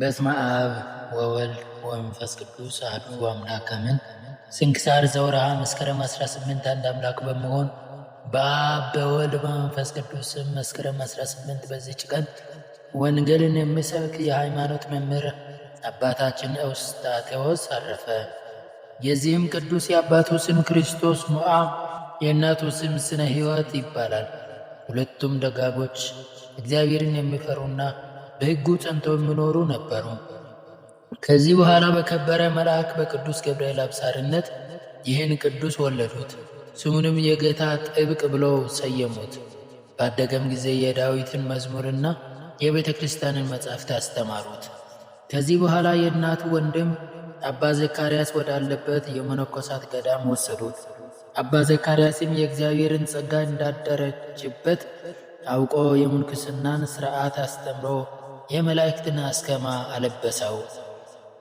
በስመ አብ ወወልድ ወመንፈስ ቅዱስ አሐዱ አምላክ አሜን። ስንክሳር ዘወርኀ መስከረም 18 አንድ አምላክ በመሆን በአብ በወልድ በመንፈስ ቅዱስ መስከረም 18 በዚች ቀን ወንጌልን የሚሰብክ የሃይማኖት መምህር አባታችን ኤዎስጣቴዎስ አረፈ። የዚህም ቅዱስ የአባቱ ስም ክርስቶስ ሞዓ፣ የእናቱ ስም ስነ ሕይወት ይባላል። ሁለቱም ደጋጎች እግዚአብሔርን የሚፈሩና በሕጉ ጸንተው የሚኖሩ ነበሩ። ከዚህ በኋላ በከበረ መልአክ በቅዱስ ገብርኤል አብሳርነት ይህን ቅዱስ ወለዱት። ስሙንም የጌታ ጥብቅ ብለው ሰየሙት። ባደገም ጊዜ የዳዊትን መዝሙርና የቤተ ክርስቲያንን መጻሕፍት አስተማሩት። ከዚህ በኋላ የእናቱ ወንድም አባ ዘካርያስ ወዳለበት የመነኮሳት ገዳም ወሰዱት። አባ ዘካርያስም የእግዚአብሔርን ጸጋ እንዳደረችበት አውቆ የምንኩስናን ሥርዓት አስተምሮ የመላእክትን አስከማ አለበሰው።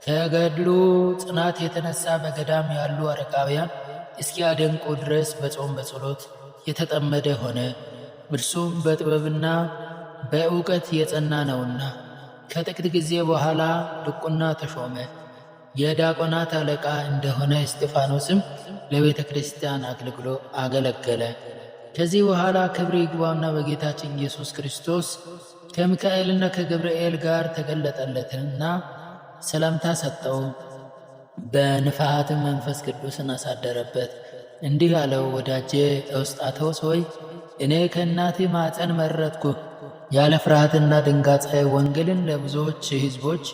ከገድሉ ጽናት የተነሳ በገዳም ያሉ አረጋውያን እስኪያደንቁ ድረስ በጾም በጸሎት የተጠመደ ሆነ። እርሱም በጥበብና በእውቀት የጸና ነውና ከጥቂት ጊዜ በኋላ ድቁና ተሾመ። የዲያቆናት አለቃ እንደሆነ እስጢፋኖስም ለቤተ ክርስቲያን አገልግሎ አገለገለ። ከዚህ በኋላ ክብር ይግባውና በጌታችን ኢየሱስ ክርስቶስ ከሚካኤልና ከገብርኤል ጋር ተገለጠለትና ሰላምታ ሰጠው። በንፋሃት መንፈስ ቅዱስን አሳደረበት። እንዲህ አለው፣ ወዳጄ ኤዎስጣቴዎስ ሆይ እኔ ከእናቴ ማፀን መረጥኩ። ያለ ፍርሃትና ድንጋጤ ወንጌልን ለብዙዎች ሕዝቦች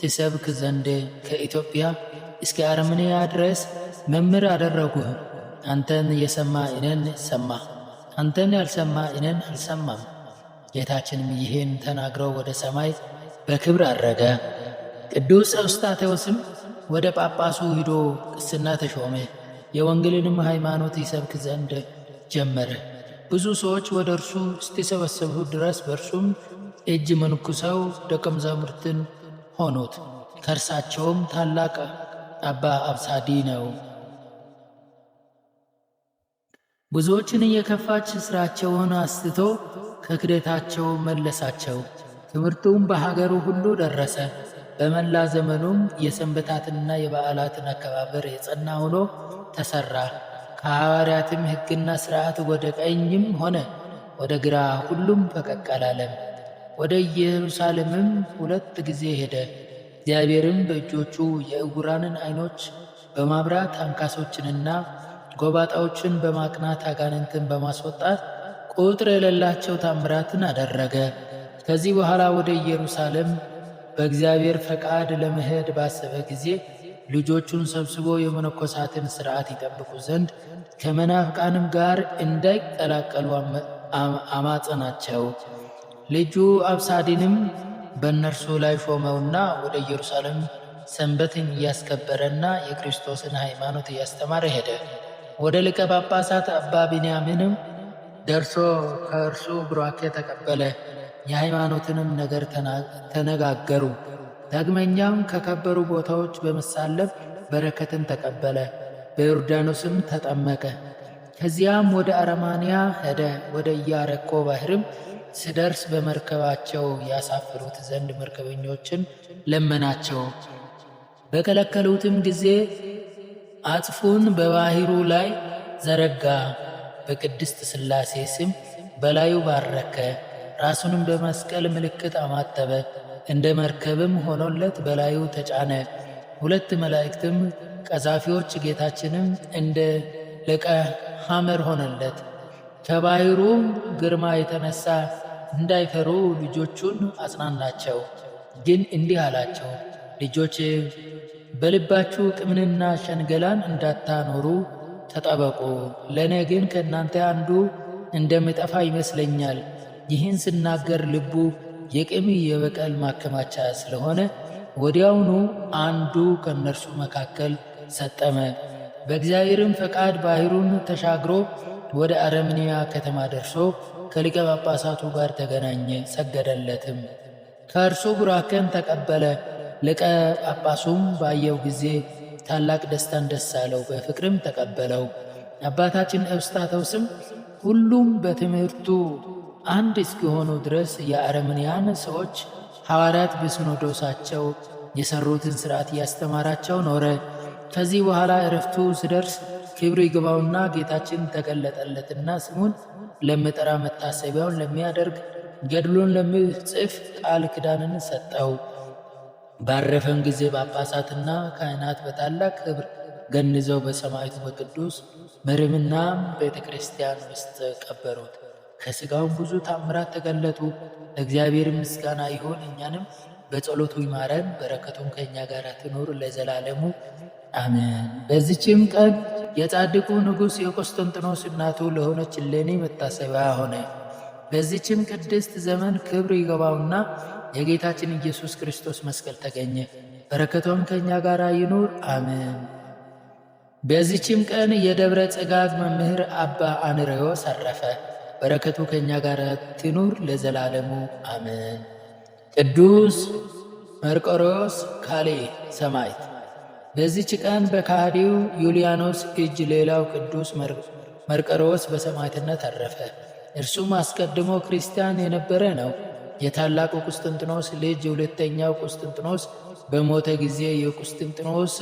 ትሰብክ ዘንድ ከኢትዮጵያ እስከ አርሜንያ ድረስ መምህር አደረጉህ። አንተን የሰማ እኔን ሰማ፣ አንተን ያልሰማ እኔን አልሰማም። ጌታችንም ይህን ተናግረው ወደ ሰማይ በክብር አረገ። ቅዱስ ኤዎስጣቴዎስም ወደ ጳጳሱ ሂዶ ቅስና ተሾመ። የወንጌልንም ሃይማኖት ይሰብክ ዘንድ ጀመረ። ብዙ ሰዎች ወደ እርሱ እስኪሰበሰቡ ድረስ በእርሱም እጅ መንኩሰው ደቀ መዛሙርትን ሆኑት። ከእርሳቸውም ታላቅ አባ አብሳዲ ነው። ብዙዎችን እየከፋች ሥራቸውን አስትቶ ከክደታቸው መለሳቸው። ትምህርቱም በሀገሩ ሁሉ ደረሰ። በመላ ዘመኑም የሰንበታትንና የበዓላትን አከባበር የጸና ሆኖ ተሠራ። ከሐዋርያትም ሕግና ሥርዓት ወደ ቀኝም ሆነ ወደ ግራ ሁሉም ፈቀቅ አላለም። ወደ ኢየሩሳሌምም ሁለት ጊዜ ሄደ። እግዚአብሔርም በእጆቹ የእውራንን ዐይኖች በማብራት አንካሶችንና ጎባጣዎችን በማቅናት አጋንንትን በማስወጣት ቁጥር የሌላቸው ታምራትን አደረገ። ከዚህ በኋላ ወደ ኢየሩሳሌም በእግዚአብሔር ፈቃድ ለመሄድ ባሰበ ጊዜ ልጆቹን ሰብስቦ የመነኮሳትን ሥርዓት ይጠብቁ ዘንድ ከመናፍቃንም ጋር እንዳይቀላቀሉ አማጸናቸው። ልጁ አብሳዲንም በእነርሱ ላይ ሾመውና ወደ ኢየሩሳሌም ሰንበትን እያስከበረና የክርስቶስን ሃይማኖት እያስተማረ ሄደ። ወደ ሊቀ ጳጳሳት አባ ቢንያሚንም ደርሶ ከእርሱ ብሯኬ ተቀበለ። የሃይማኖትንም ነገር ተነጋገሩ። ዳግመኛም ከከበሩ ቦታዎች በመሳለፍ በረከትን ተቀበለ። በዮርዳኖስም ተጠመቀ። ከዚያም ወደ አረማንያ ሄደ። ወደ ኢያሪኮ ባህርም ስደርስ በመርከባቸው ያሳፍሩት ዘንድ መርከበኞችን ለመናቸው። በከለከሉትም ጊዜ አጽፉን በባሕሩ ላይ ዘረጋ። በቅድስት ሥላሴ ስም በላዩ ባረከ። ራሱንም በመስቀል ምልክት አማተበ። እንደ መርከብም ሆኖለት በላዩ ተጫነ። ሁለት መላእክትም ቀዛፊዎች፣ ጌታችንም እንደ ለቀ ሐመር ሆነለት። ከባሕሩም ግርማ የተነሳ እንዳይፈሩ ልጆቹን አጽናናቸው። ግን እንዲህ አላቸው ልጆች። በልባችሁ ቅምንና ሸንገላን እንዳታኖሩ ተጠበቁ። ለእኔ ግን ከእናንተ አንዱ እንደሚጠፋ ይመስለኛል። ይህን ስናገር ልቡ የቅሚ የበቀል ማከማቻ ስለሆነ ወዲያውኑ አንዱ ከእነርሱ መካከል ሰጠመ። በእግዚአብሔርም ፈቃድ ባህሩን ተሻግሮ ወደ አረምንያ ከተማ ደርሶ ከሊቀ ጳጳሳቱ ጋር ተገናኘ፣ ሰገደለትም። ከእርሱ ቡራከን ተቀበለ። ሊቀ ጳጳሱም ባየው ጊዜ ታላቅ ደስታን ደስ አለው፣ በፍቅርም ተቀበለው። አባታችን ስም ሁሉም በትምህርቱ አንድ እስኪሆኑ ድረስ የአረምንያን ሰዎች ሐዋርያት በሲኖዶሳቸው የሠሩትን ሥርዓት እያስተማራቸው ኖረ። ከዚህ በኋላ እረፍቱ ስደርስ ክብር ይግባውና ጌታችን ተገለጠለትና ስሙን ለመጠራ መታሰቢያውን ለሚያደርግ ገድሉን ለሚጽፍ ቃል ክዳንን ሰጠው። ባረፈም ጊዜ ጳጳሳትና ካህናት በታላቅ ክብር ገንዘው በሰማዕቱ በቅዱስ መርምና ቤተ ክርስቲያን ውስጥ ቀበሩት። ከሥጋውም ብዙ ታምራት ተገለጡ። ለእግዚአብሔር ምስጋና ይሁን፣ እኛንም በጸሎቱ ይማረን፣ በረከቱም ከእኛ ጋር ትኖር ለዘላለሙ አሜን። በዚችም ቀን የጻድቁ ንጉሥ የቆስጠንጢኖስ እናቱ ለሆነች እሌኒ መታሰቢያ ሆነ። በዚችም ቅድስት ዘመን ክብር ይገባውና የጌታችን ኢየሱስ ክርስቶስ መስቀል ተገኘ። በረከቷም ከእኛ ጋር ይኑር አሜን። በዚችም ቀን የደብረ ጽጋግ መምህር አባ አንሬዎስ አረፈ። በረከቱ ከእኛ ጋር ትኑር ለዘላለሙ አሜን። ቅዱስ መርቆሬዎስ ካሌ ሰማዕት። በዚች ቀን በካህዲው ዩልያኖስ እጅ ሌላው ቅዱስ መርቆሬዎስ በሰማዕትነት አረፈ። እርሱም አስቀድሞ ክርስቲያን የነበረ ነው። የታላቁ ቁስጥንጥኖስ ልጅ የሁለተኛው ቁስጥንጥኖስ በሞተ ጊዜ የቁስጥንጥኖስ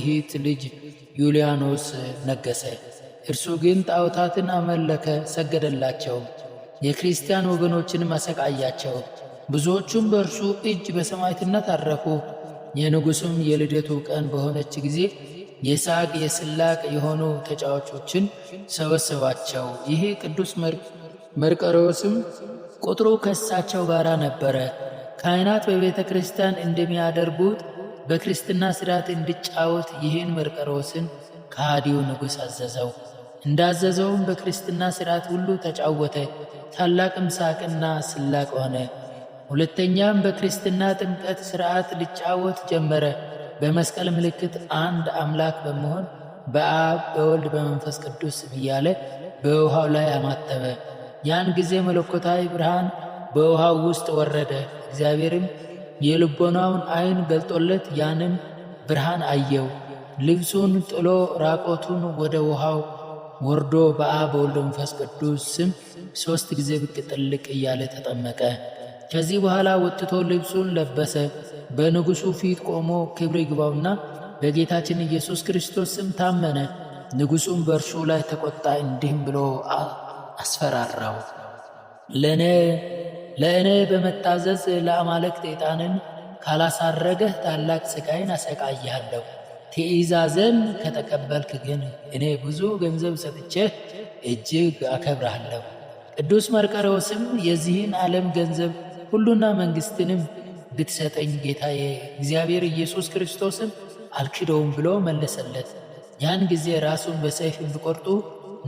እህት ልጅ ዩልያኖስ ነገሰ። እርሱ ግን ጣዖታትን አመለከ፣ ሰገደላቸው። የክርስቲያን ወገኖችንም አሰቃያቸው። ብዙዎቹም በእርሱ እጅ በሰማዕትነት አረፉ። የንጉሡም የልደቱ ቀን በሆነች ጊዜ የሳቅ የስላቅ የሆኑ ተጫዋቾችን ሰበሰባቸው። ይህ ቅዱስ መርቀሮስም። ቁጥሩ ከእሳቸው ጋር ነበረ። ካህናት በቤተ ክርስቲያን እንደሚያደርጉት በክርስትና ስርዓት እንዲጫወት ይህን መርቀሮስን ከሃዲው ንጉሥ አዘዘው። እንዳዘዘውም በክርስትና ስርዓት ሁሉ ተጫወተ። ታላቅም ሳቅና ስላቅ ሆነ። ሁለተኛም በክርስትና ጥምቀት ሥርዓት ሊጫወት ጀመረ። በመስቀል ምልክት አንድ አምላክ በመሆን በአብ በወልድ በመንፈስ ቅዱስ እያለ በውሃው ላይ አማተበ። ያን ጊዜ መለኮታዊ ብርሃን በውሃው ውስጥ ወረደ። እግዚአብሔርም የልቦናውን ዓይን ገልጦለት ያንን ብርሃን አየው። ልብሱን ጥሎ ራቆቱን ወደ ውሃው ወርዶ በአብ በወልድ መንፈስ ቅዱስ ስም ሦስት ጊዜ ብቅ ጥልቅ እያለ ተጠመቀ። ከዚህ በኋላ ወጥቶ ልብሱን ለበሰ። በንጉሡ ፊት ቆሞ ክብር ይግባውና በጌታችን ኢየሱስ ክርስቶስ ስም ታመነ። ንጉሡም በእርሱ ላይ ተቆጣ፣ እንዲህም ብሎ አስፈራራው። ለእኔ በመታዘዝ ለአማልክት ጤጣንን ካላሳረገህ ታላቅ ስቃይን አሰቃይሃለሁ። ትእዛዘን ከተቀበልክ ግን እኔ ብዙ ገንዘብ ሰጥቼ እጅግ አከብርሃለሁ። ቅዱስ መርቆሬዎስም የዚህን ዓለም ገንዘብ ሁሉና መንግሥትንም ብትሰጠኝ ጌታዬ እግዚአብሔር ኢየሱስ ክርስቶስም አልክደውም ብሎ መለሰለት። ያን ጊዜ ራሱን በሰይፍ እንዲቆርጡ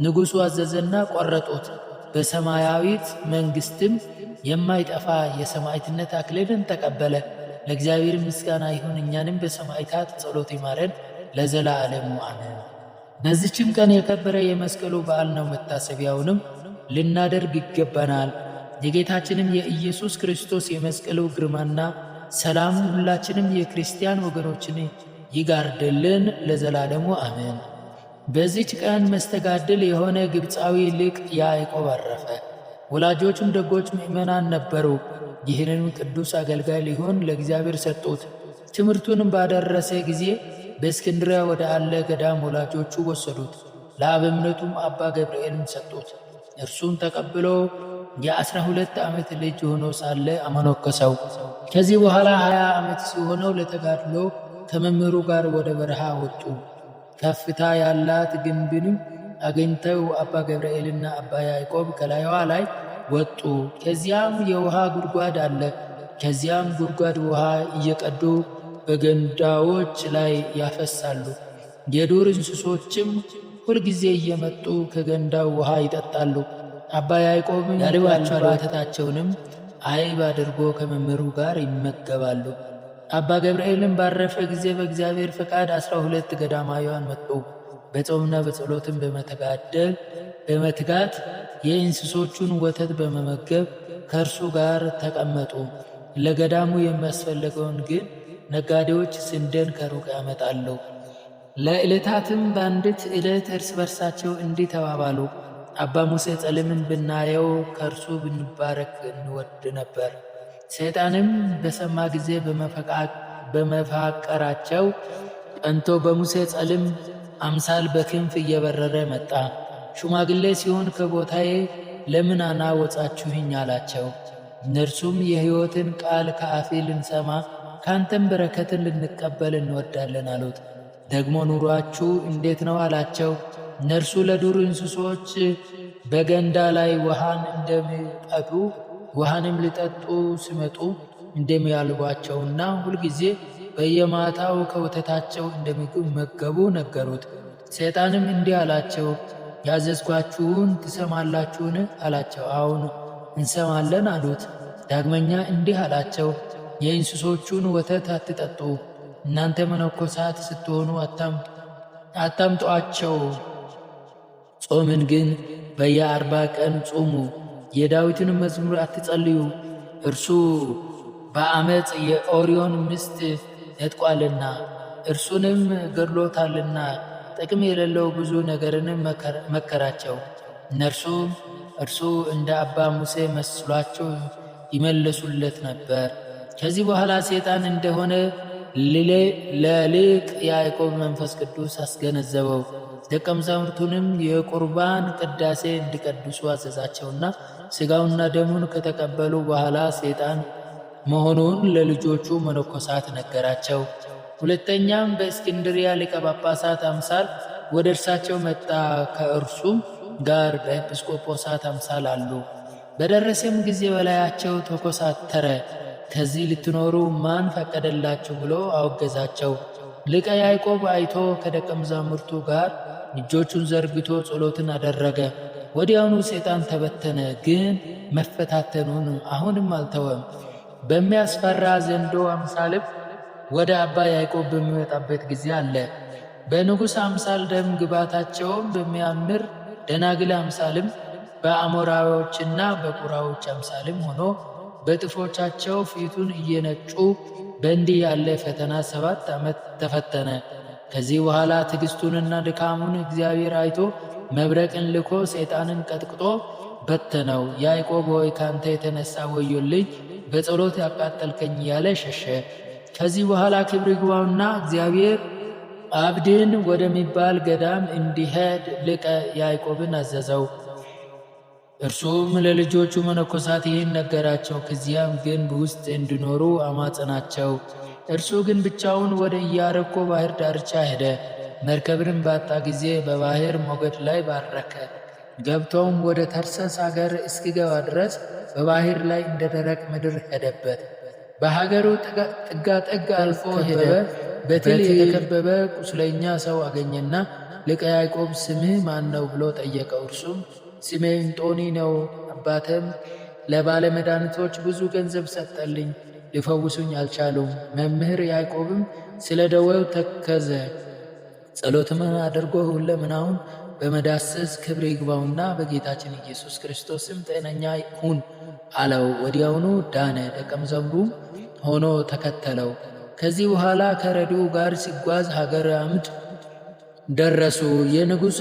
ንጉሡ አዘዘና ቆረጦት። በሰማያዊት መንግሥትም የማይጠፋ የሰማዕትነት አክሊልን ተቀበለ። ለእግዚአብሔር ምስጋና ይሁን፣ እኛንም በሰማዕታት ጸሎት ይማረን ለዘላለሙ አሜን። በዚችም ቀን የከበረ የመስቀሉ በዓል ነው። መታሰቢያውንም ልናደርግ ይገባናል። የጌታችንም የኢየሱስ ክርስቶስ የመስቀሉ ግርማና ሰላም ሁላችንም የክርስቲያን ወገኖችን ይጋርድልን ለዘላለሙ አሜን። በዚች ቀን መስተጋድል የሆነ ግብፃዊ ሊቅ ያዕቆብ አረፈ። ወላጆቹም ደጎች ምዕመናን ነበሩ። ይህንን ቅዱስ አገልጋይ ሊሆን ለእግዚአብሔር ሰጡት። ትምህርቱንም ባደረሰ ጊዜ በእስክንድሪያ ወደ አለ ገዳም ወላጆቹ ወሰዱት። ለአበምነቱም አባ ገብርኤልን ሰጡት። እርሱም ተቀብሎ የአስራ ሁለት ዓመት ልጅ ሆኖ ሳለ አመነኮሰው። ከዚህ በኋላ ሀያ ዓመት ሲሆነው ለተጋድሎ ከመምህሩ ጋር ወደ በረሃ ወጡ። ከፍታ ያላት ግንብንም አገኝተው አባ ገብርኤልና አባ ያዕቆብ ከላይዋ ላይ ወጡ። ከዚያም የውሃ ጉድጓድ አለ። ከዚያም ጉድጓድ ውሃ እየቀዱ በገንዳዎች ላይ ያፈሳሉ። የዱር እንስሶችም ሁልጊዜ እየመጡ ከገንዳው ውሃ ይጠጣሉ። አባ ያዕቆብ ያልባቸው ባተታቸውንም አይብ አድርጎ ከመምህሩ ጋር ይመገባሉ። አባ ገብርኤልም ባረፈ ጊዜ በእግዚአብሔር ፈቃድ አስራ ሁለት ገዳማውያን መጡ። በጾምና በጸሎትም በመተጋደል በመትጋት የእንስሶቹን ወተት በመመገብ ከእርሱ ጋር ተቀመጡ። ለገዳሙ የሚያስፈልገውን ግን ነጋዴዎች ስንዴን ከሩቅ ያመጣሉ። ለዕለታትም በአንዲት ዕለት እርስ በርሳቸው እንዲህ ተባባሉ። አባ ሙሴ ጸሊምን ብናየው ከእርሱ ብንባረክ እንወድ ነበር። ሰይጣንም በሰማ ጊዜ በመፋቀራቸው ቀንቶ በሙሴ ጸልም አምሳል በክንፍ እየበረረ መጣ። ሽማግሌ ሲሆን ከቦታዬ ለምን አናወጣችሁኝ አላቸው። እነርሱም የሕይወትን ቃል ከአፌ ልንሰማ ከአንተም በረከትን ልንቀበል እንወዳለን አሉት። ደግሞ ኑሯችሁ እንዴት ነው አላቸው። እነርሱ ለዱር እንስሶች በገንዳ ላይ ውሃን እንደሚጠጡ? ውሃንም ሊጠጡ ሲመጡ እንደሚያልቧቸውና ሁልጊዜ በየማታው ከወተታቸው እንደሚመገቡ ነገሩት። ሰይጣንም እንዲህ አላቸው፣ ያዘዝኳችሁን ትሰማላችሁን? አላቸው። አሁን እንሰማለን አሉት። ዳግመኛ እንዲህ አላቸው፣ የእንስሶቹን ወተት አትጠጡ፣ እናንተ መነኮሳት ስትሆኑ አታምጧቸው። ጾምን ግን በየአርባ ቀን ጹሙ የዳዊትን መዝሙር አትጸልዩ፣ እርሱ በአመፅ የኦሪዮን ሚስት ነጥቋልና እርሱንም ገድሎታልና ጥቅም የሌለው ብዙ ነገርንም መከራቸው። እነርሱ እርሱ እንደ አባ ሙሴ መስሏቸው ይመለሱለት ነበር። ከዚህ በኋላ ሴጣን እንደሆነ ለሊቅ ያዕቆብ መንፈስ ቅዱስ አስገነዘበው። ደቀ መዛሙርቱንም የቁርባን ቅዳሴ እንዲቀድሱ አዘዛቸውና ሥጋውና ደሙን ከተቀበሉ በኋላ ሰይጣን መሆኑን ለልጆቹ መነኮሳት ነገራቸው። ሁለተኛም በእስክንድሪያ ሊቀ ጳጳሳት አምሳል ወደ እርሳቸው መጣ። ከእርሱም ጋር በኤጲስቆጶሳት አምሳል አሉ። በደረሰም ጊዜ በላያቸው ተኮሳተረ። ከዚህ ልትኖሩ ማን ፈቀደላችሁ ብሎ አወገዛቸው። ሊቀ ያዕቆብ አይቶ ከደቀ መዛሙርቱ ጋር እጆቹን ዘርግቶ ጸሎትን አደረገ። ወዲያውኑ ሰይጣን ተበተነ። ግን መፈታተኑን አሁንም አልተወም። በሚያስፈራ ዘንዶ አምሳልም ወደ አባ ያዕቆብ በሚመጣበት ጊዜ አለ። በንጉሥ አምሳል ደም ግባታቸውም በሚያምር ደናግል አምሳልም በአሞራዎችና በቁራዎች አምሳልም ሆኖ በጥፎቻቸው ፊቱን እየነጩ በእንዲህ ያለ ፈተና ሰባት ዓመት ተፈተነ። ከዚህ በኋላ ትዕግስቱንና ድካሙን እግዚአብሔር አይቶ መብረቅን ልኮ ሰይጣንን ቀጥቅጦ በተነው። ያዕቆብ ሆይ ካንተ የተነሳ ወዮልኝ፣ በጸሎት ያቃጠልከኝ እያለ ሸሸ። ከዚህ በኋላ ክብር ይግባውና እግዚአብሔር አብድን ወደሚባል ገዳም እንዲሄድ ልቀ ያዕቆብን አዘዘው። እርሱም ለልጆቹ መነኮሳት ይህን ነገራቸው። ከዚያም ግንብ ውስጥ እንዲኖሩ አማጸናቸው። እርሱ ግን ብቻውን ወደ ኢያሪኮ ባህር ዳርቻ ሄደ። መርከብንም ባጣ ጊዜ በባህር ሞገድ ላይ ባረከ። ገብቶም ወደ ተርሰስ አገር እስኪገባ ድረስ በባህር ላይ እንደ ደረቅ ምድር ሄደበት። በሀገሩ ጥግ አልፎ ሄደ። በትል የተከበበ ቁስለኛ ሰው አገኘና ልቀ ያዕቆብ ስምህ ማን ነው ብሎ ጠየቀው። እርሱም ስሜ እንጦኒ ነው፣ አባትም ለባለ ብዙ ገንዘብ ሰጠልኝ፣ ሊፈውሱኝ አልቻሉም። መምህር ያዕቆብም ስለ ደዌው ተከዘ። ጸሎትም አድርጎ ሁለምናውን በመዳሰስ ክብር ይግባውና በጌታችን ኢየሱስ ክርስቶስም ጤነኛ ሁን አለው። ወዲያውኑ ዳነ። ደቀ መዛሙሩም ሆኖ ተከተለው። ከዚህ በኋላ ከረዲው ጋር ሲጓዝ ሀገር አምድ ደረሱ። የንጉሥ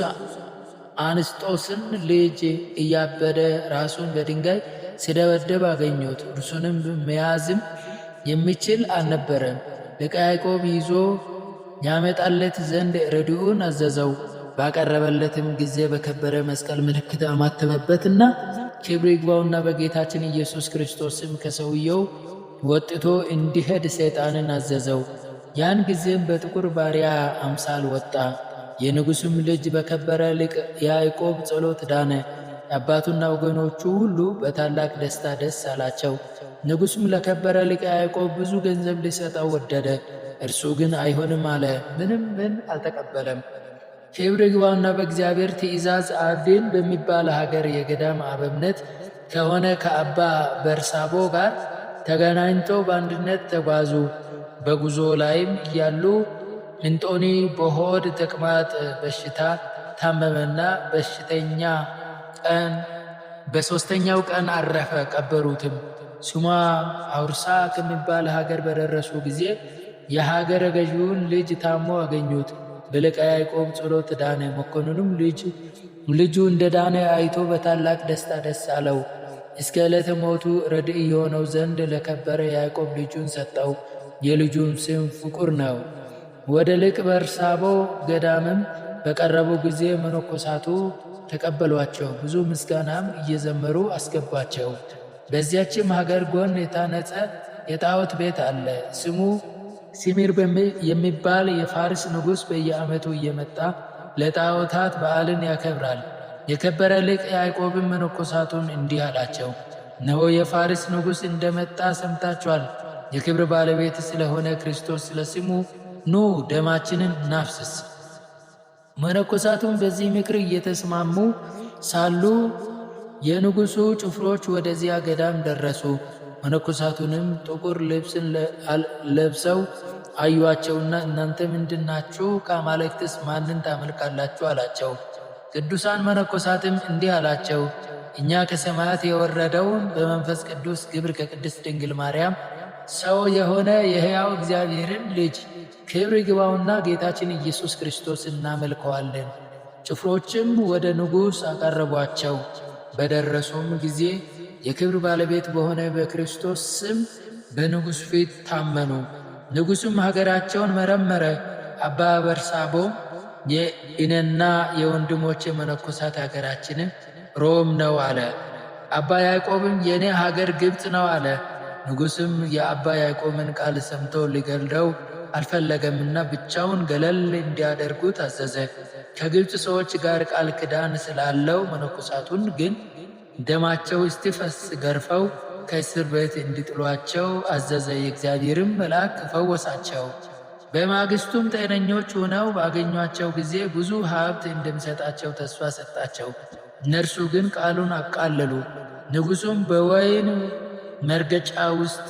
አንስጦስን ልጅ እያበደ ራሱን በድንጋይ ሲደበደብ አገኙት። እርሱንም መያዝም የሚችል አልነበረም። ደቀ ያዕቆብ ይዞ ያመጣለት ዘንድ ረድኡን አዘዘው። ባቀረበለትም ጊዜ በከበረ መስቀል ምልክት አማተበበትና ክብር ይግባውና በጌታችን ኢየሱስ ክርስቶስም ከሰውየው ወጥቶ እንዲሄድ ሰይጣንን አዘዘው። ያን ጊዜም በጥቁር ባሪያ አምሳል ወጣ። የንጉሱም ልጅ በከበረ ሊቅ ያዕቆብ ጸሎት ዳነ። አባቱና ወገኖቹ ሁሉ በታላቅ ደስታ ደስ አላቸው። ንጉሱም ለከበረ ሊቅ ያዕቆብ ብዙ ገንዘብ ሊሰጠው ወደደ። እርሱ ግን አይሆንም አለ፣ ምንም ምን አልተቀበለም። ክብር ይግባውና በእግዚአብሔር ትእዛዝ አዴን በሚባል ሀገር የገዳም አበብነት ከሆነ ከአባ በርሳቦ ጋር ተገናኝቶ በአንድነት ተጓዙ። በጉዞ ላይም እያሉ እንጦኒ በሆድ ተቅማጥ በሽታ ታመመና በሽተኛ ቀን በሦስተኛው ቀን አረፈ። ቀበሩትም ሱማ አውርሳ ከሚባል ሀገር በደረሱ ጊዜ የሀገረ ገዢውን ልጅ ታሞ አገኙት። በለቃ ያዕቆብ ጸሎት ዳነ። መኮንኑም ልጅ ልጁ እንደ ዳነ አይቶ በታላቅ ደስታ ደስ አለው። እስከ ዕለተ ሞቱ ረድእ የሆነው ዘንድ ለከበረ ያዕቆብ ልጁን ሰጠው። የልጁም ስም ፍቁር ነው። ወደ ልቅ በርሳቦ ገዳምም በቀረቡ ጊዜ መነኮሳቱ ተቀበሏቸው። ብዙ ምስጋናም እየዘመሩ አስገቧቸው። በዚያችም ሀገር ጎን የታነጸ የጣዖት ቤት አለ ስሙ ሲሚር የሚባል የፋርስ ንጉሥ በየዓመቱ እየመጣ ለጣዖታት በዓልን ያከብራል። የከበረ ሊቅ ያዕቆብን መነኮሳቱን እንዲህ አላቸው፣ እነሆ የፋርስ ንጉሥ እንደመጣ ሰምታችኋል። የክብር ባለቤት ስለሆነ ክርስቶስ ስለ ስሙ ኑ ደማችንን እናፍስስ። መነኮሳቱን በዚህ ምክር እየተስማሙ ሳሉ የንጉሡ ጭፍሮች ወደዚያ ገዳም ደረሱ። መነኮሳቱንም ጥቁር ልብስን ለብሰው አዩአቸውና እናንተ ምንድናችሁ? ከአማልክትስ ማንን ታመልካላችሁ? አላቸው። ቅዱሳን መነኮሳትም እንዲህ አላቸው፣ እኛ ከሰማያት የወረደውን በመንፈስ ቅዱስ ግብር ከቅድስት ድንግል ማርያም ሰው የሆነ የሕያው እግዚአብሔርን ልጅ ክብር ይግባውና ጌታችን ኢየሱስ ክርስቶስ እናመልከዋለን። ጭፍሮችም ወደ ንጉሥ አቀረቧቸው። በደረሱም ጊዜ የክብር ባለቤት በሆነ በክርስቶስ ስም በንጉሥ ፊት ታመኑ። ንጉሡም ሀገራቸውን መረመረ። አባ በርሳቦም የእኔና የወንድሞች የመነኮሳት ሀገራችንም ሮም ነው አለ። አባ ያዕቆብም የእኔ ሀገር ግብፅ ነው አለ። ንጉሥም የአባ ያዕቆብን ቃል ሰምቶ ሊገልደው አልፈለገምና ብቻውን ገለል እንዲያደርጉት አዘዘ። ከግብፅ ሰዎች ጋር ቃል ክዳን ስላለው መነኮሳቱን ግን ደማቸው እስቲፈስ ገርፈው ከእስር ቤት እንዲጥሏቸው አዘዘ። የእግዚአብሔርም መልአክ ፈወሳቸው። በማግስቱም ጤነኞች ሆነው ባገኟቸው ጊዜ ብዙ ሀብት እንደሚሰጣቸው ተስፋ ሰጣቸው። እነርሱ ግን ቃሉን አቃለሉ። ንጉሡም በወይን መርገጫ ውስጥ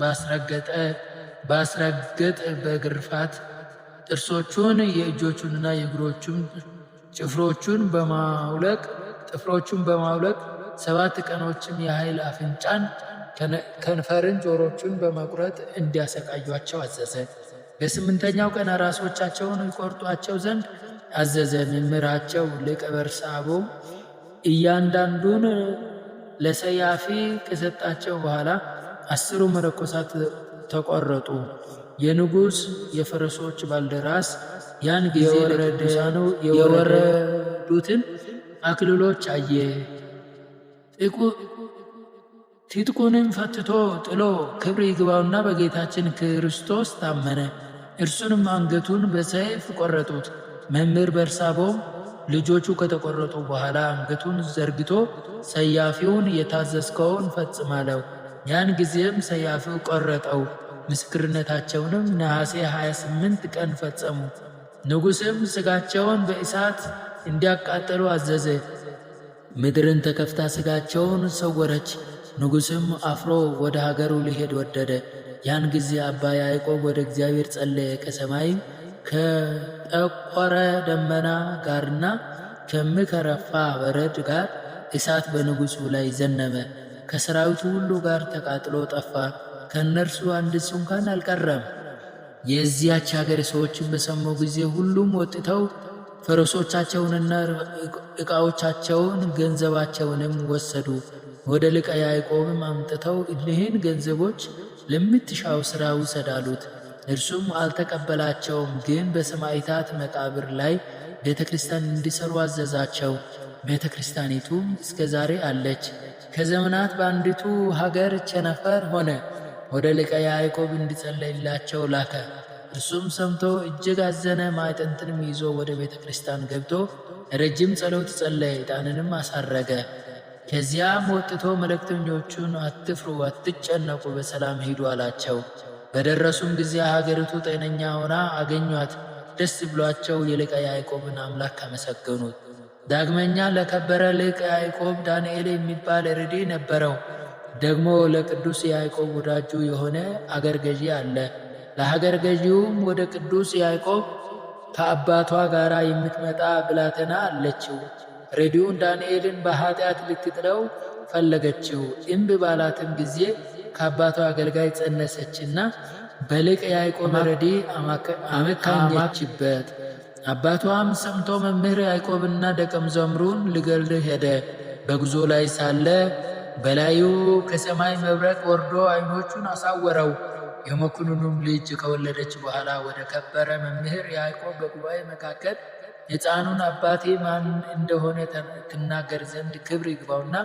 ባስረገጠ ባስረገጥ በግርፋት ጥርሶቹን የእጆቹንና የእግሮቹን ጭፍሮቹን በማውለቅ ጥፍሮቹን በማውለቅ ሰባት ቀኖችም የኃይል አፍንጫን ከንፈርን ጆሮቹን በመቁረጥ እንዲያሰቃዩቸው አዘዘ። በስምንተኛው ቀን ራሶቻቸውን ይቆርጧቸው ዘንድ አዘዘ። መምህራቸው ሊቀ እያንዳንዱን ለሰያፊ ከሰጣቸው በኋላ አስሩ መነኮሳት ተቆረጡ። የንጉሥ የፈረሶች ባልደራስ ያን ጊዜ ለቅዱሳኑ የወረዱትን አክልሎች አየ። ትጥቁንም ፈትቶ ጥሎ ክብር ይግባውና በጌታችን ክርስቶስ ታመነ። እርሱንም አንገቱን በሰይፍ ቆረጡት። መምህር በርሳቦም ልጆቹ ከተቆረጡ በኋላ አንገቱን ዘርግቶ ሰያፊውን የታዘዝከውን ፈጽም አለው። ያን ጊዜም ሰያፊው ቆረጠው። ምስክርነታቸውንም ነሐሴ 28 ቀን ፈጸሙ። ንጉሥም ሥጋቸውን በእሳት እንዲያቃጠሉ አዘዘ። ምድርን ተከፍታ ሥጋቸውን ሰወረች። ንጉሥም አፍሮ ወደ ሀገሩ ሊሄድ ወደደ። ያን ጊዜ አባ ያዕቆብ ወደ እግዚአብሔር ጸለየ። ከሰማይ ከጠቆረ ደመና ጋርና ከሚከረፋ በረድ ጋር እሳት በንጉሡ ላይ ዘነበ። ከሰራዊቱ ሁሉ ጋር ተቃጥሎ ጠፋ። ከእነርሱ አንድስ እንኳን አልቀረም። የዚያች አገር ሰዎችን በሰሙ ጊዜ ሁሉም ወጥተው ፈረሶቻቸውንና ዕቃዎቻቸውን ገንዘባቸውንም ወሰዱ። ወደ ልቀ ያዕቆብም አምጥተው እሊህን ገንዘቦች ለምትሻው ሥራ ውሰድ አሉት። እርሱም አልተቀበላቸውም፣ ግን በሰማዕታት መቃብር ላይ ቤተ ክርስቲያን እንዲሠሩ አዘዛቸው። ቤተ ክርስቲያኒቱም እስከ ዛሬ አለች። ከዘመናት በአንዲቱ ሀገር ቸነፈር ሆነ። ወደ ልቀ ያዕቆብ እንዲጸለይላቸው ላከ። እርሱም ሰምቶ እጅግ አዘነ። ማዕጠንትንም ይዞ ወደ ቤተ ክርስቲያን ገብቶ ረጅም ጸሎት ጸለየ፣ ዕጣንንም አሳረገ። ከዚያም ወጥቶ መልእክተኞቹን አትፍሩ፣ አትጨነቁ፣ በሰላም ሂዱ አላቸው። በደረሱም ጊዜ ሀገሪቱ ጤነኛ ሆና አገኟት። ደስ ብሏቸው የሊቀ ያዕቆብን አምላክ አመሰገኑት። ዳግመኛ ለከበረ ሊቀ ያዕቆብ ዳንኤል የሚባል ረድእ ነበረው። ደግሞ ለቅዱስ ያዕቆብ ወዳጁ የሆነ አገር ገዢ አለ። ለሀገር ገዢውም ወደ ቅዱስ ያዕቆብ ከአባቷ ጋር የምትመጣ ብላቴና አለችው። ሬዲዮን ዳንኤልን በኃጢአት ልትጥለው ፈለገችው። እምቢ ባላትም ጊዜ ከአባቷ አገልጋይ ጸነሰችና በልቅ ያዕቆብ ረዲ አመካኘችበት። አባቷም ሰምቶ መምህር ያዕቆብና ደቀ መዝሙሩን ሊገድልህ ሄደ። በጉዞ ላይ ሳለ በላዩ ከሰማይ መብረቅ ወርዶ ዓይኖቹን አሳወረው። የመኮንኑም ልጅ ከወለደች በኋላ ወደ ከበረ መምህር ያዕቆብ በጉባኤ መካከል ሕፃኑን አባቴ ማን እንደሆነ ትናገር ዘንድ ክብር ይግባውና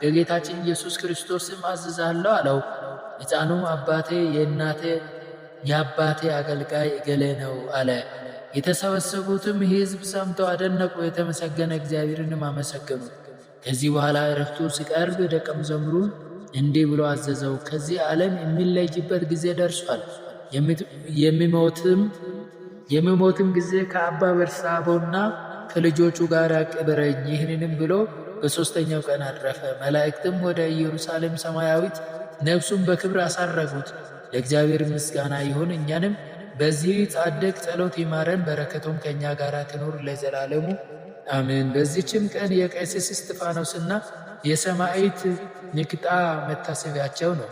በጌታችን ኢየሱስ ክርስቶስም አዝዛለሁ አለው። ሕፃኑም አባቴ የእናቴ የአባቴ አገልጋይ እገሌ ነው አለ። የተሰበሰቡትም ሕዝብ ሰምተው አደነቁ፣ የተመሰገነ እግዚአብሔርንም አመሰገኑ። ከዚህ በኋላ እረፍቱ ሲቀርብ ደቀ መዝሙሩን እንዲህ ብሎ አዘዘው። ከዚህ ዓለም የሚለይበት ጊዜ ደርሷል። የሚሞትም ጊዜ ከአባ በርሳቦና ከልጆቹ ጋር አቅብረኝ። ይህንንም ብሎ በሦስተኛው ቀን አረፈ። መላእክትም ወደ ኢየሩሳሌም ሰማያዊት ነፍሱን በክብር አሳረጉት። ለእግዚአብሔር ምስጋና ይሁን፣ እኛንም በዚህ ጻድቅ ጸሎት ይማረን፣ በረከቱም ከእኛ ጋር ትኑር ለዘላለሙ አሜን። በዚችም ቀን የቀሲስ እስጢፋኖስና የሰማዕት ንቅጣ መታሰቢያቸው ነው።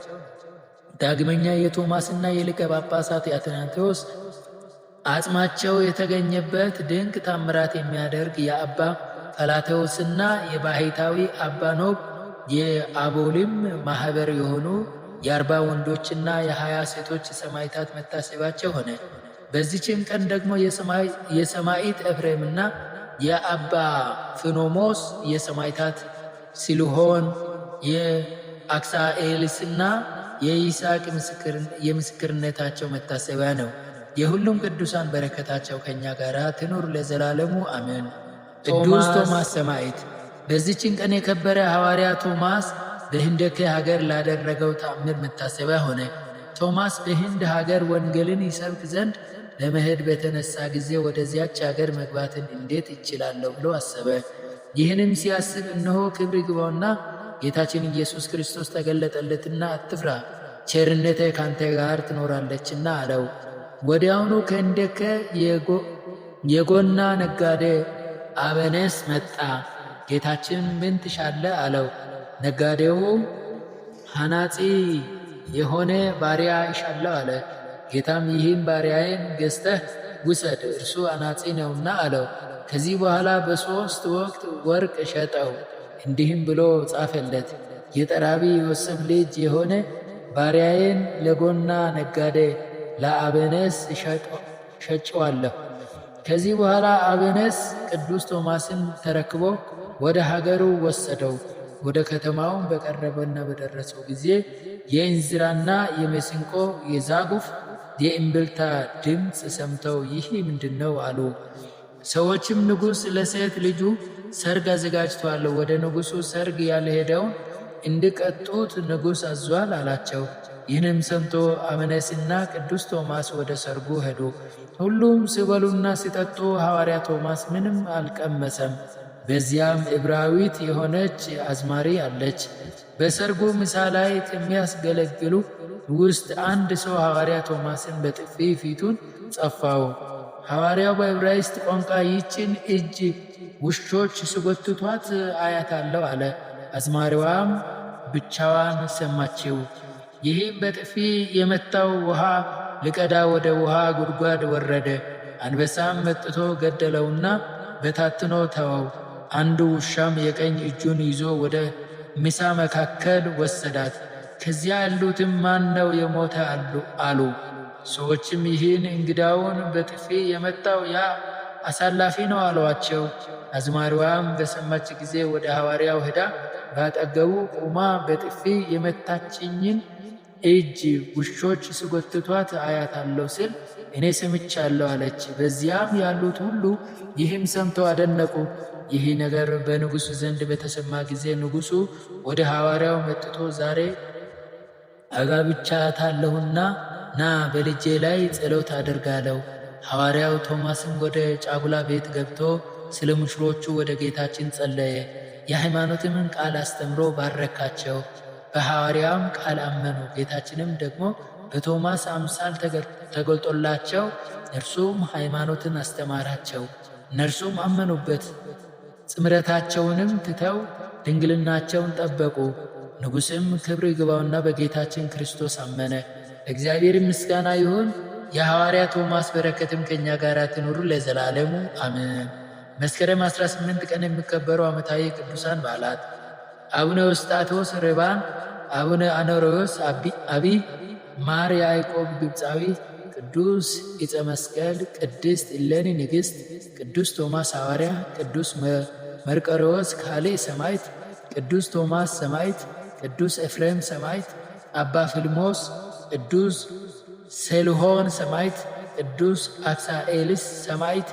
ዳግመኛ የቶማስና የሊቀ ጳጳሳት የአትናንቴዎስ አጽማቸው የተገኘበት ድንቅ ታምራት የሚያደርግ የአባ ፈላቴዎስና የባሕታዊ አባ ኖብ የአቦሊም ማህበር የሆኑ የአርባ ወንዶችና የሀያ ሴቶች ሰማዕታት መታሰቢያቸው ሆነ። በዚችም ቀን ደግሞ የሰማዕት ኤፍሬምና የአባ ፍኖሞስ የሰማዕታት ሲልሆን የአክሳኤልስና የይስሐቅ የምስክርነታቸው መታሰቢያ ነው። የሁሉም ቅዱሳን በረከታቸው ከእኛ ጋር ትኑር ለዘላለሙ አሜን። ቅዱስ ቶማስ ሰማዕት። በዚችን ቀን የከበረ ሐዋርያ ቶማስ በህንደኬ ሀገር ላደረገው ተአምር መታሰቢያ ሆነ። ቶማስ በህንድ ሀገር ወንጌልን ይሰብክ ዘንድ ለመሄድ በተነሳ ጊዜ ወደዚያች ሀገር መግባትን እንዴት ይችላለሁ ብሎ አሰበ። ይህንም ሲያስብ እነሆ ክብር ይግባውና ጌታችን ኢየሱስ ክርስቶስ ተገለጠለትና አትፍራ፣ ቸርነተ ካንተ ጋር ትኖራለችና አለው። ወዲያውኑ ከእንደከ የጎና ነጋዴ አበነስ መጣ። ጌታችን ምን ትሻለ አለው። ነጋዴው ሐናጺ የሆነ ባሪያ ይሻለው አለ። ጌታም ይህም ባሪያዬን ገዝተህ ውሰድ፣ እርሱ አናጺ ነውና አለው። ከዚህ በኋላ በሦስት ወቅት ወርቅ ሸጠው፣ እንዲህም ብሎ ጻፈለት የጠራቢ ዮሴፍ ልጅ የሆነ ባሪያዬን ለጎና ነጋዴ ለአበነስ ሸጨዋለሁ ከዚህ በኋላ አበነስ ቅዱስ ቶማስን ተረክቦ ወደ ሀገሩ ወሰደው። ወደ ከተማውን በቀረበና በደረሰው ጊዜ የእንዝራና የመስንቆ የዛጉፍ የእምብልታ ድምፅ ሰምተው ይህ ምንድን ነው አሉ። ሰዎችም ንጉሥ ለሴት ልጁ ሰርግ አዘጋጅቷል፣ ወደ ንጉሡ ሰርግ ያልሄደውን እንዲቀጡት ንጉሥ አዟል አላቸው። ይህንም ሰምቶ አመነሲና ቅዱስ ቶማስ ወደ ሰርጉ ሄዱ። ሁሉም ሲበሉና ሲጠጡ ሐዋርያ ቶማስ ምንም አልቀመሰም። በዚያም ዕብራዊት የሆነች አዝማሪ አለች። በሰርጉ ምሳ ላይ ከሚያስገለግሉ ውስጥ አንድ ሰው ሐዋርያ ቶማስን በጥፊ ፊቱን ጸፋው። ሐዋርያው በዕብራይስጥ ቋንቋ ይችን እጅ ውሾች ሲጎትቷት አያታለሁ አለ። አዝማሪዋም ብቻዋን ሰማችው። ይህም በጥፊ የመታው ውሃ ልቀዳ ወደ ውሃ ጉድጓድ ወረደ። አንበሳም መጥቶ ገደለውና በታትኖ ተወው። አንዱ ውሻም የቀኝ እጁን ይዞ ወደ ምሳ መካከል ወሰዳት። ከዚያ ያሉትም ማን ነው የሞተ አሉ። ሰዎችም ይህን እንግዳውን በጥፊ የመታው ያ አሳላፊ ነው አሏቸው። አዝማሪዋም በሰማች ጊዜ ወደ ሐዋርያው ሄዳ ባጠገቡ ቆማ በጥፊ የመታችኝን እጅ ውሾች ስጎትቷት አያታለሁ ስል እኔ ሰምቻለሁ አለች። በዚያም ያሉት ሁሉ ይህም ሰምተው አደነቁ። ይህ ነገር በንጉሡ ዘንድ በተሰማ ጊዜ ንጉሱ ወደ ሐዋርያው መጥቶ ዛሬ አጋብቻታለሁና ና በልጄ ላይ ጸሎት አድርጋለው። ሐዋርያው ቶማስም ወደ ጫጉላ ቤት ገብቶ ስለ ሙሽሮቹ ወደ ጌታችን ጸለየ። የሃይማኖትምን ቃል አስተምሮ ባረካቸው። በሐዋርያም ቃል አመኑ። ጌታችንም ደግሞ በቶማስ አምሳል ተገልጦላቸው እርሱም ሃይማኖትን አስተማራቸው። እነርሱም አመኑበት። ጽምረታቸውንም ትተው ድንግልናቸውን ጠበቁ። ንጉሥም ክብር ይግባውና በጌታችን ክርስቶስ አመነ። እግዚአብሔር ምስጋና ይሁን። የሐዋርያ ቶማስ በረከትም ከእኛ ጋር ትኑሩ ለዘላለሙ አሜን። መስከረም 18 ቀን የሚከበሩ ዓመታዊ ቅዱሳን በዓላት አቡነ ውስጣቶስ ርባን፣ አቡነ አኖሮዎስ አቢ፣ ማር ያዕቆብ ግብፃዊ፣ ቅዱስ ዕፀ መስቀል፣ ቅድስት ዕሌኒ ንግሥት፣ ቅዱስ ቶማስ ሐዋርያ፣ ቅዱስ መርቆሬዎስ ካልዕ ሰማዕት፣ ቅዱስ ቶማስ ሰማዕት፣ ቅዱስ ኤፍሬም ሰማዕት፣ አባ ፊልሞስ ቅዱስ ሴልሆን ሰማይት፣ ቅዱስ አክሳኤልስ ሰማይት፣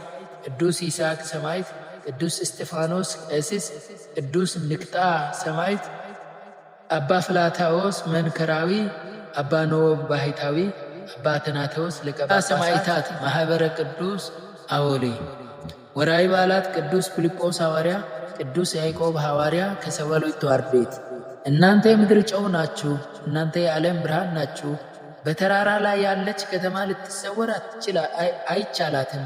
ቅዱስ ይስሐቅ ሰማይት፣ ቅዱስ እስጢፋኖስ ቀሲስ፣ ቅዱስ ንቅጣ ሰማይት፣ አባ ፍላታዎስ መንከራዊ፣ አባ ኖብ ባህታዊ፣ አባ ተናቴዎስ ሊቀ ሰማዕታት ማኅበረ ቅዱስ አወሊ። ወርኃዊ በዓላት ቅዱስ ፊልጶስ ሐዋርያ፣ ቅዱስ ያዕቆብ ሐዋርያ ከሰባሎቱ አርድእት። እናንተ የምድር ጨው ናችሁ፣ እናንተ የዓለም ብርሃን ናችሁ። በተራራ ላይ ያለች ከተማ ልትሰወር አይቻላትም።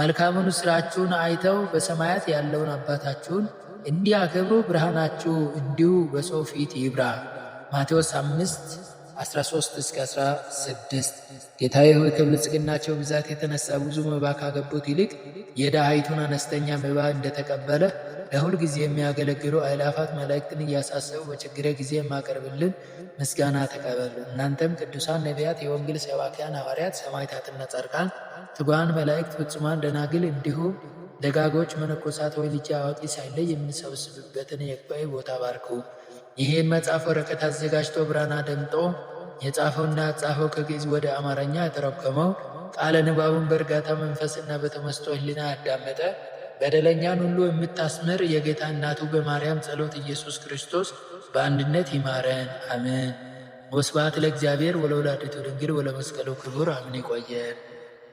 መልካሙን ስራችሁን አይተው በሰማያት ያለውን አባታችሁን እንዲያከብሩ ብርሃናችሁ እንዲሁ በሰው ፊት ይብራ። ማቴዎስ 5 13 እስከ 16 ጌታ ሆይ ከብልጽግናቸው ብዛት የተነሳ ብዙ መባ ካገቡት ይልቅ የድሃይቱን አነስተኛ መባ እንደተቀበለ ለሁል ጊዜ የሚያገለግሉ አእላፋት መላእክትን እያሳሰቡ በችግረ ጊዜ የማቀርብልን ምስጋና ተቀበሉ። እናንተም ቅዱሳን ነቢያት፣ የወንጌል ሰባኪያን ሐዋርያት፣ ሰማዕታትና ጻድቃን፣ ትጉሃን መላእክት፣ ፍጹማን ደናግል እንዲሁም ደጋጎች መነኮሳት ወይ ልጅ አዋቂ ሳይለይ የምንሰበስብበትን የጉባኤ ቦታ ባርኩ። ይህም መጽሐፍ ወረቀት አዘጋጅቶ ብራና ደምጦ የጻፈውና ያጻፈው ከግዕዝ ወደ አማርኛ የተረጎመው ቃለ ንባቡን በእርጋታ መንፈስና በተመስጦ ህሊና ያዳመጠ በደለኛን ሁሉ የምታስምር የጌታ እናቱ በማርያም ጸሎት ኢየሱስ ክርስቶስ በአንድነት ይማረን፣ አሜን። ወስብሐት ለእግዚአብሔር ወለወላዲቱ ድንግል ወለመስቀሉ ክቡር፣ አምን ይቆየን።